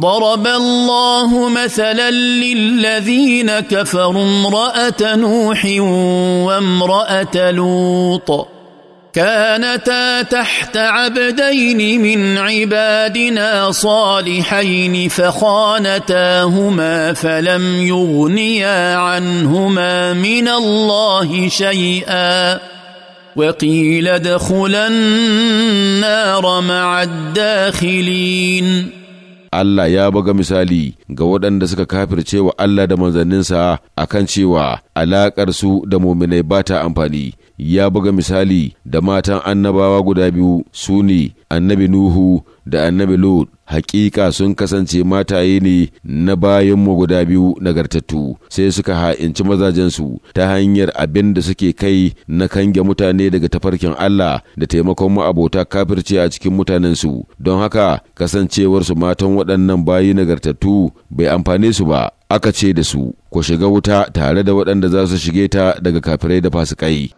ضرب الله مثلا للذين كفروا امراه نوح وامراه لوط كانتا تحت عبدين من عبادنا صالحين فخانتاهما فلم يغنيا عنهما من الله شيئا وقيل ادخلا النار مع الداخلين Allah ya buga misali ga waɗanda suka kafirce wa Allah da manzanninsa a kan cewa alaƙar su da muminai ba ta amfani ya buga misali da matan annabawa guda biyu su ne annabi Nuhu da annabi lod. hakika sun kasance mataye ne na bayanmu guda biyu nagartattu sai suka ha'inci mazajensu ta hanyar abin da suke kai na kange mutane daga tafarkin Allah da taimakon ma'abota kafirci a cikin mutanensu don haka kasancewarsu matan waɗannan bayi nagartattu bai amfane su ba aka ce da su ku shiga wuta tare da waɗanda za su shige ta daga kafirai da fasikai